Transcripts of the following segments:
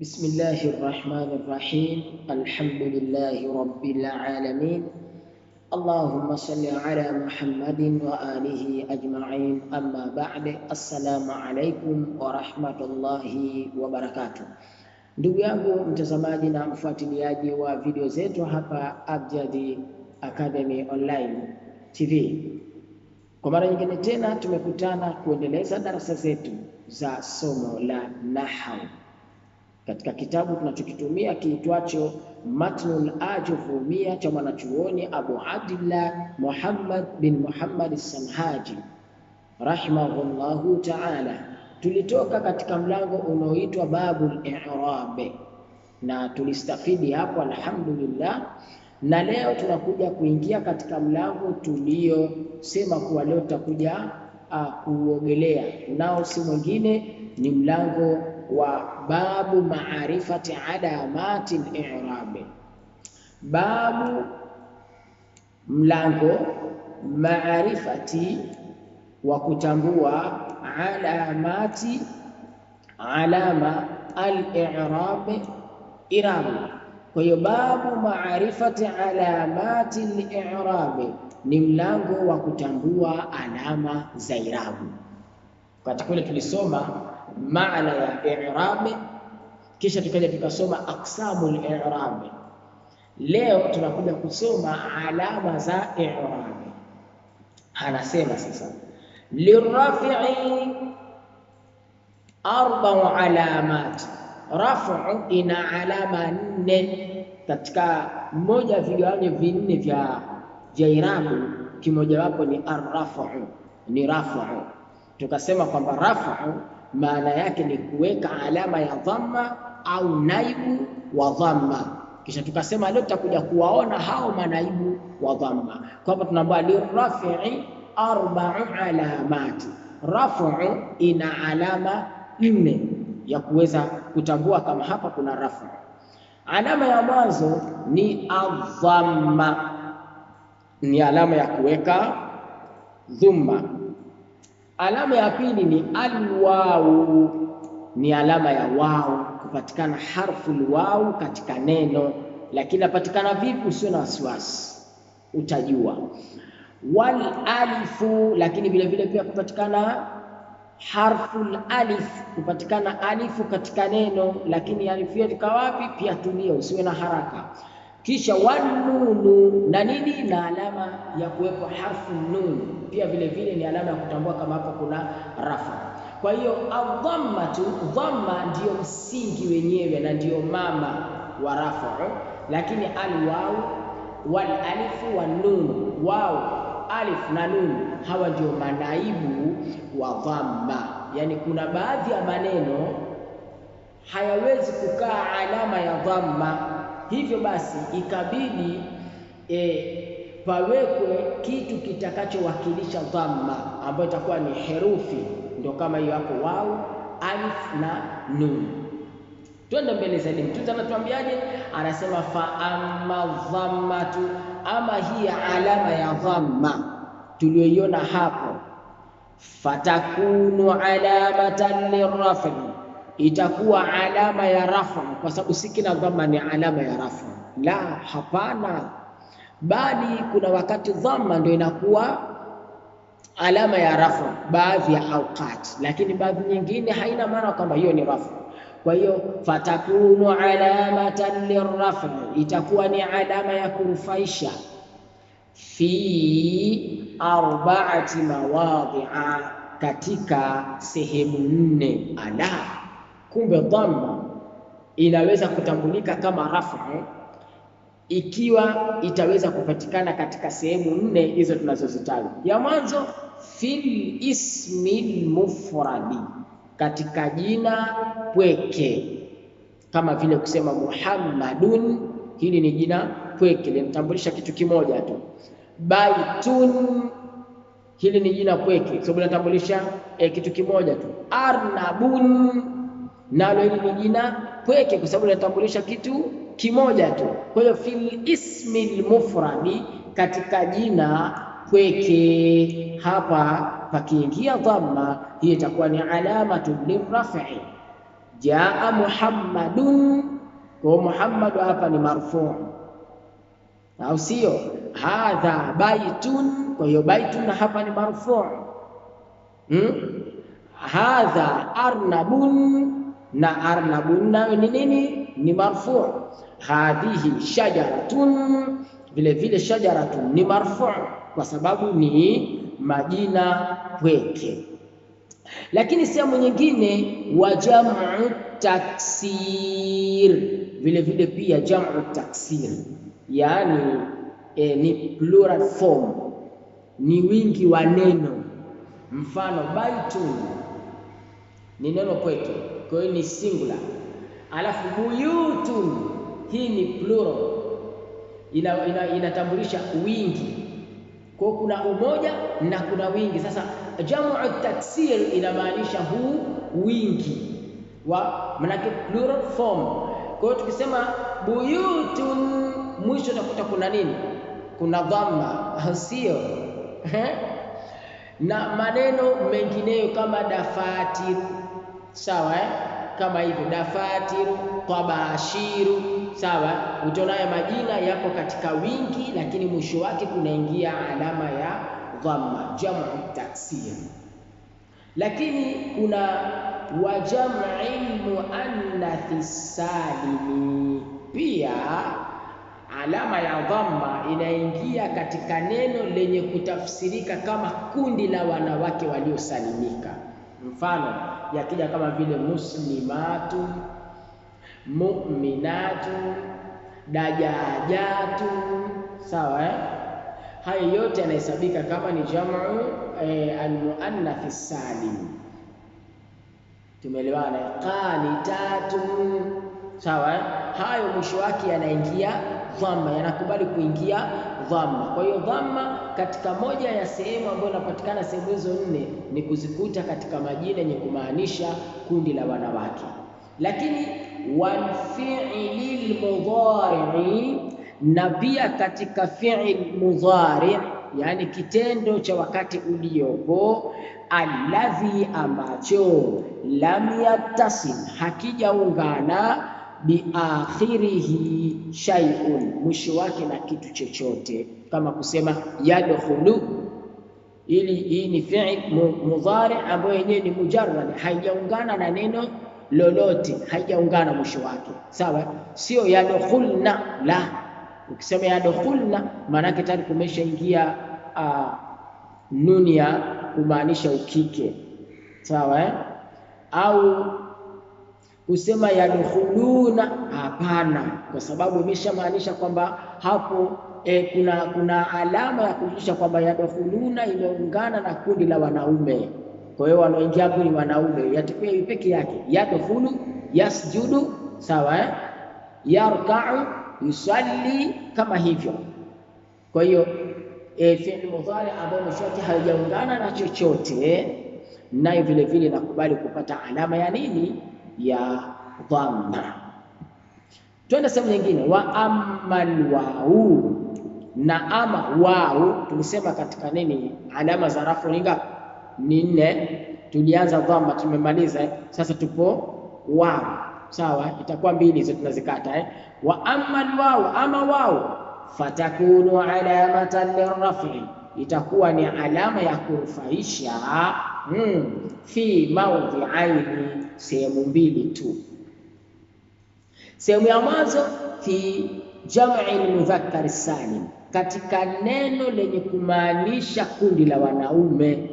بسم الله الرحمن الرحيم الحمد لله رب العالمين اللهم صل على محمد وآله أجمعين أما بعد السلام عليكم ورحمة الله وبركاته Ndugu yangu mtazamaji na mfuatiliaji wa video zetu hapa Abjad Academy Online TV, kwa mara nyingine tena tumekutana kuendeleza darasa zetu za somo la nahau katika kitabu tunachokitumia kiitwacho Matnul Ajufumia cha mwanachuoni Abu Abdillah Muhammad bin Muhammad Samhaji rahimahullahu taala. Tulitoka katika mlango unaoitwa babul I'rab na tulistafidi hapo alhamdulillah, na leo tunakuja kuingia katika mlango tuliosema kuwa leo tutakuja ah, kuuogelea, nao si mwingine ni mlango wa babu maarifati alamati al babu mlango maarifati wa kutambua alamati alama al irab irabi. Kwa hiyo babu maarifati alamati al irab ni mlango wa kutambua alama za irabu. Wakati kule tulisoma maana ya i'rabi, kisha tukaja tukasoma aqsamul i'rabi. Leo tunakuja kusoma alama za i'rabi. Anasema sasa lirafi'i arba'u alamat, raf'u ina alama nne katika moja vigawanyo vinne vya vya irabu, kimojawapo ni arrafu, ni rafu. Tukasema kwamba rafu maana yake ni kuweka alama ya dhamma au naibu wa dhamma. Kisha tukasema leo tutakuja kuwaona hao manaibu wa dhamma, kwamba tunaambia lirafi'i arba'u alamati, rafu ina alama nne ya kuweza kutambua kama hapa kuna rafu. Alama ya mwanzo ni adhamma, ni alama ya kuweka dhumma Alama ya pili ni alwau, ni alama ya wau kupatikana harfu wau katika neno, lakini napatikana vipi? Usio na wasiwasi, utajua. Wal alifu, lakini vile vile pia kupatikana harfu alif, kupatikana alifu katika neno, lakini alifu kawapi? Pia tulia, usiwe na haraka kisha wanunu na nini na alama ya kuwepo harfu nun pia vile vile ni alama ya kutambua kama hapo kuna rafa. Kwa hiyo adhamma tu, dhamma ndiyo msingi wenyewe na ndiyo mama wa rafa, lakini alwau wal alifu wa nun, wawu alif na nun, hawa ndio manaibu wa dhamma. Yani kuna baadhi ya maneno hayawezi kukaa alama ya dhamma Hivyo basi ikabidi e, pawekwe kitu kitakachowakilisha dhamma ambayo itakuwa ni herufi, ndio kama hiyo hapo, wau, alif na nun. Twende mbele zaidi, mtunzi anatuambiaje? Anasema fa amma dhammatu, ama hii alama ya dhamma tuliyoiona hapo, fatakunu alamatan lirafi itakuwa alama ya rafa, kwa sababu si kila dhamma ni alama ya rafa. La, hapana, bali kuna wakati dhamma ndio inakuwa alama ya rafa baadhi ya awqati, lakini baadhi nyingine haina maana kwamba hiyo ni rafa. Kwa hiyo fatakunu alamatan lirafa, itakuwa ni alama ya kurufaisha fi arbaati mawadhi'a, katika sehemu nne ala Kumbe dhamma inaweza kutambulika kama rafu eh? ikiwa itaweza kupatikana katika sehemu nne hizo tunazozitaja. Ya mwanzo fil ismi mufradi, katika jina pweke, kama vile kusema Muhammadun, hili ni jina pweke linatambulisha kitu kimoja tu. Baitun, hili ni jina pweke kwa sababu linatambulisha eh, kitu kimoja tu. Arnabun nalo hili ni jina pweke, kwa sababu linatambulisha kitu kimoja tu. Kwa hiyo fil ismi lmufradi, katika jina pweke, hapa pakiingia dhamma, hiyo itakuwa ni alamatu lirrafi. Jaa Muhammadun, kwa Muhammadu hapa ni marfu, au sio? Hadha baitun, kwa hiyo baitun hapa ni marfu. Hmm? Hadha arnabun na arnabun nayo ni nini? Ni marfu. Hadhihi shajaratun, vile vile shajaratun ni marfu kwa sababu ni majina pweke. Lakini sehemu nyingine wa jamu taksir, vile vile pia jamu taksir, yaani e, ni plural form, ni wingi wa neno. Mfano baitun ni neno pweke kwa hiyo ni singular, alafu buyutun hii ni plural, ina, ina, inatambulisha wingi. Kwa hiyo kuna umoja na kuna wingi. Sasa jamu taksir inamaanisha huu wingi wa manake plural form. Kwa hiyo tukisema buyutun, mwisho utakuta kuna nini? Kuna dhamma, sio na maneno mengineyo kama dafatiru sawa eh? kama hivyo dafatiru, tabashiru, sawa. Utaona ya majina yapo katika wingi, lakini mwisho wake kunaingia alama ya dhamma, jamu taksir. Lakini kuna wa muannathi salimi, pia alama ya dhamma inaingia katika neno lenye kutafsirika kama kundi la wanawake waliosalimika. Mfano yakija kama vile muslimatu, mu'minatu, dajajatu, sawa eh? hayo yote yanahesabika kama ni jamu eh, almuannath salim. Tumeelewana? Eh? qanitatun, sawa eh? Hayo mwisho wake yanaingia dhamma, yanakubali kuingia dhamma. Kwa hiyo dhamma katika moja ya sehemu ambayo inapatikana sehemu hizo nne ni kuzikuta katika majina yenye kumaanisha kundi la wanawake, lakini walfiili lmudharii na pia katika fiil mudhari yani kitendo cha wakati uliopo, alladhi ambacho lam yattasil hakijaungana biakhirihi shay'un, mwisho wake na kitu chochote, kama kusema yadkhulu. Ili hii ni fi'il mudhari ambayo yenyewe ni mujarrad, haijaungana na neno lolote, haijaungana mwisho wake, sawa. Sio yadkhulna, la. Ukisema yadkhulna, maanake tayari kumeshaingia uh, nuni ya kumaanisha ukike, sawa eh? au kusema yadkhuluna hapana, kwa sababu imeshamaanisha kwamba hapo e, kuna kuna alama ya kuonyesha kwamba yadkhuluna imeungana na kundi la wanaume. Kwa hiyo wanaoingia hapo ni wanaume, yatakuwa hivi peke yake, yadkhulu yasjudu, sawa eh? yarkau yusalli, kama hivyo. Kwa hiyo e, eh, fi'li mudhari ambayo mshati haijaungana na chochote, nayo vile vile nakubali kupata alama ya nini ya dhamma. Twende sehemu nyingine, wa amal wau na ama wau tulisema katika nini, alama za rafu ni ngapi? Ni nne. Tulianza dhamma tumemaliza, eh? sasa tupo wau. Sawa, itakuwa mbili hizo tunazikata eh. Wa amal wau, ama wau fatakunu alamatan lirafi, itakuwa ni alama ya kurufaisha hmm, fi maudhiaini sehemu mbili tu. Sehemu ya mwanzo fi jam'i mudhakkar salim, katika neno lenye kumaanisha kundi la wanaume,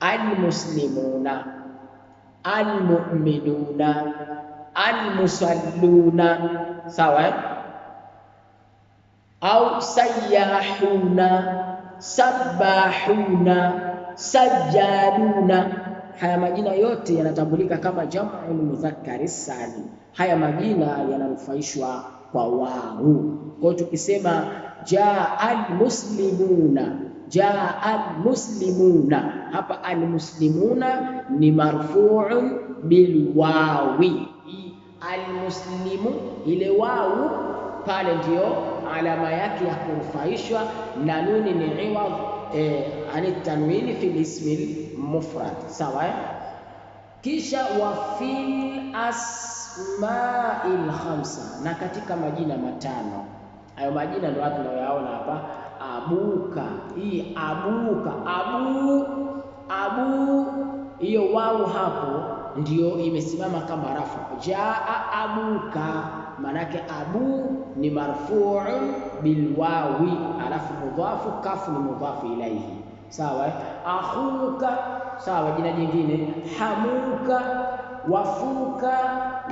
almuslimuna, almu'minuna, almusalluna, sawa eh? au sayyahuna, sabbahuna, sajaduna haya majina yote yanatambulika kama jam'ul mudhakkari salim. Haya majina yananufaishwa kwa wau Kwa hiyo tukisema jaa almuslimuna, jaa almuslimuna, hapa almuslimuna ni marfuun bilwawi, almuslimu ile wau pale ndiyo alama yake ya kunufaishwa, na nuni ni iwadh e, ani tanwini fi ismi mufrad sawa eh? Kisha wa fi asmail khamsa, na katika majina matano. Hayo majina ndio watu tunayoyaona hapa, abuka hii abuka abu abu, hiyo wau hapo ndio imesimama kama rafu Jaa abuka, manake abu ni marfuun bilwawi, alafu mudhafu kafu ni mudhafu ilaihi. Sawa, eh? akhuka sawa, jina jingine hamuka, wafuka,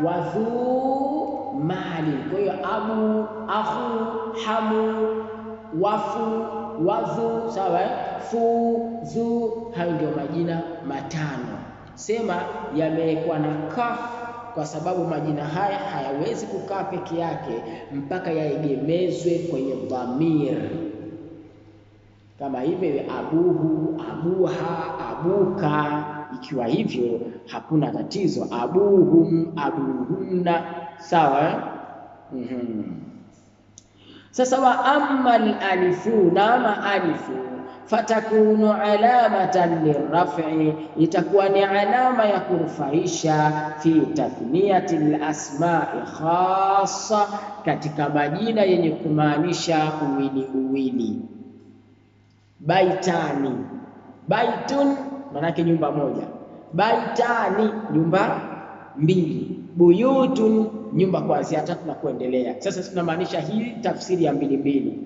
wadhuu mali. Kwa hiyo abu, akhu, hamu, wafu, wadhu, sawa, eh? fu, dhu, hayo ndio majina matano. Sema yamewekwa na kaf kwa sababu majina haya hayawezi kukaa peke yake mpaka yaegemezwe kwenye dhamir, kama hivyo abuhu, abuha, abuka. Ikiwa hivyo hakuna tatizo, abuhum, abuhunna, sawa. mm -hmm. Sasa wa amma na ma alifu fatakunu alamatan lirafi itakuwa ni alama ya kunufaisha. Fi tathniyati lasmai khassa, katika majina yenye kumaanisha uwili uwili. Baitani, baitun manake nyumba moja, baitani nyumba mbili, buyutun nyumba kuanzia tatu na kuendelea. Sasa tunamaanisha hii tafsiri ya mbili mbili.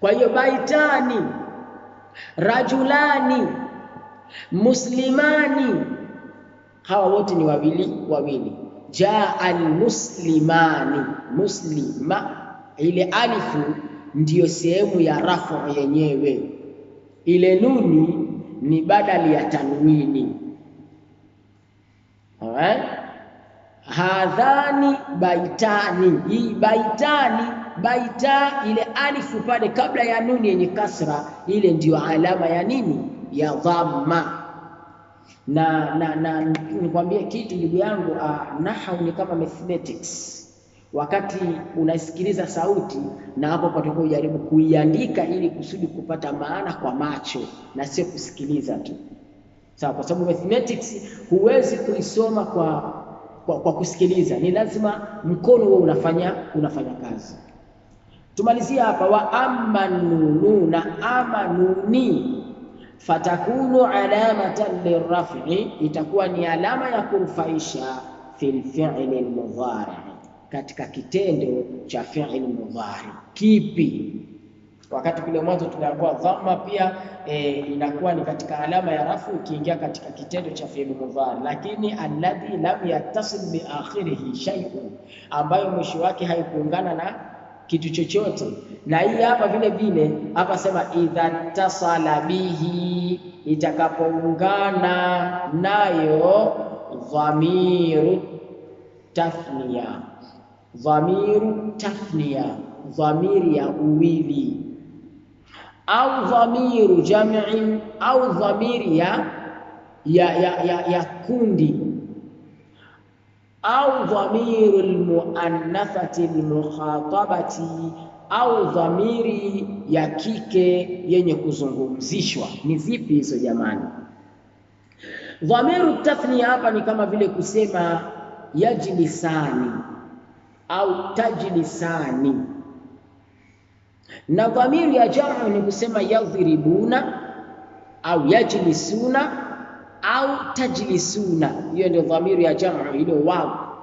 Kwa hiyo baitani rajulani, muslimani, hawa wote ni wawili wawili. Jaa almuslimani, muslima, ile alifu ndiyo sehemu ya rafu yenyewe, ile nuni ni badali ya tanwini. hadhani baitani, hii baitani baita ile alifu pale kabla ya nuni yenye kasra, ile ndiyo alama ya nini? Ya dhamma. Na na, na nikwambie kitu ndugu yangu, ah, nahau ni kama mathematics. Wakati unaisikiliza sauti, na hapo patakuwa ujaribu kuiandika ili kusudi kupata maana kwa macho na sio kusikiliza tu, sawa? Kwa sababu mathematics huwezi kuisoma kwa kwa, kwa kusikiliza ni lazima mkono huo unafanya unafanya kazi. Tumalizia hapa wa amanununa amanuni fatakunu alamatan lirafi itakuwa ni alama ya kumfaisha fil fi'li mudhari, katika kitendo cha fi'li mudhari kipi? Wakati kule mwanzo tuliambiwa dhamma pia e, inakuwa ni katika alama ya rafu ikiingia katika kitendo cha fi'li mudhari, lakini alladhi lam yattasil biakhirihi shay'un, ambayo mwisho wake haikuungana na kitu chochote. Na hii hapa vile vile hapa sema idha tasala bihi, itakapoungana nayo dhamiru tafnia, dhamiru tafnia, dhamiri ya uwili au dhamiru jami au dhamiri ya, ya, ya, ya, ya kundi au dhamiru lmuannathati lmukhatabati, au dhamiri ya kike yenye kuzungumzishwa. Ni zipi hizo jamani? Dhamiru tathnia hapa ni kama vile kusema yajlisani au tajlisani, na dhamiru ya jamu ni kusema yadhribuna au yajlisuna au tajlisuna, hiyo ndio dhamiru ya jamu ile wao,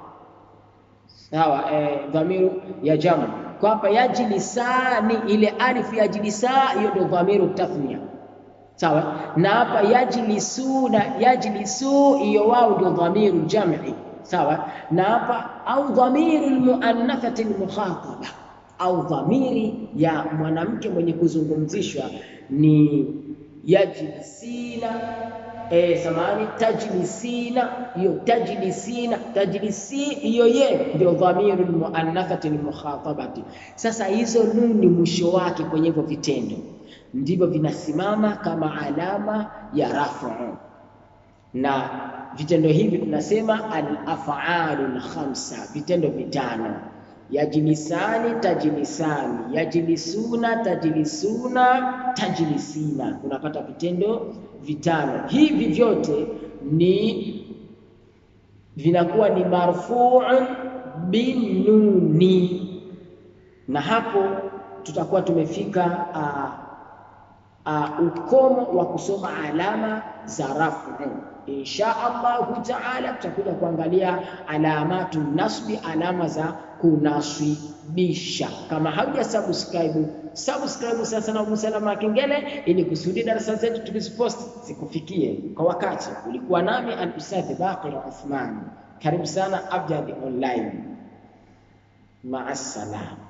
sawa. Eh, dhamiru ya jamu kwa hapa yajlisani, ile alif yajlisa, hiyo ndio dhamiru tathnia, sawa. Na hapa yajlisuna, yajlisu, hiyo wao ndio dhamiru jam'i, sawa. Na hapa au dhamiru almuannathati almukhataba, au dhamiri ya mwanamke mwenye kuzungumzishwa ni yajlisina e, samani tajlisina, hiyo tajlisina, tajlisi hiyo ye ndio dhamiru muannathati mukhatabati. Sasa hizo nuni mwisho wake kwenye hivyo vitendo ndivyo vinasimama kama alama ya rafu, na vitendo hivi tunasema al afalu al-khamsa, vitendo vitano Yajilisani tajilisani, yajilisuna tajilisuna, tajilisina, unapata vitendo vitano. Hivi vyote ni vinakuwa ni marfuu binuni, na hapo tutakuwa tumefika uh, uh, ukomo wa kusoma alama za rafu. Insha Allahu taala tutakuja kuangalia alamatu nasbi, alama za kunasibisha. Kama hauja subscribe subscribe sasa na gusa alama kengele, ili kusudi darasa zetu tukiziposti zikufikie kwa wakati. Ulikuwa nami al-Ustadh Baqir Uthman, karibu sana Abjad Online. maasalama.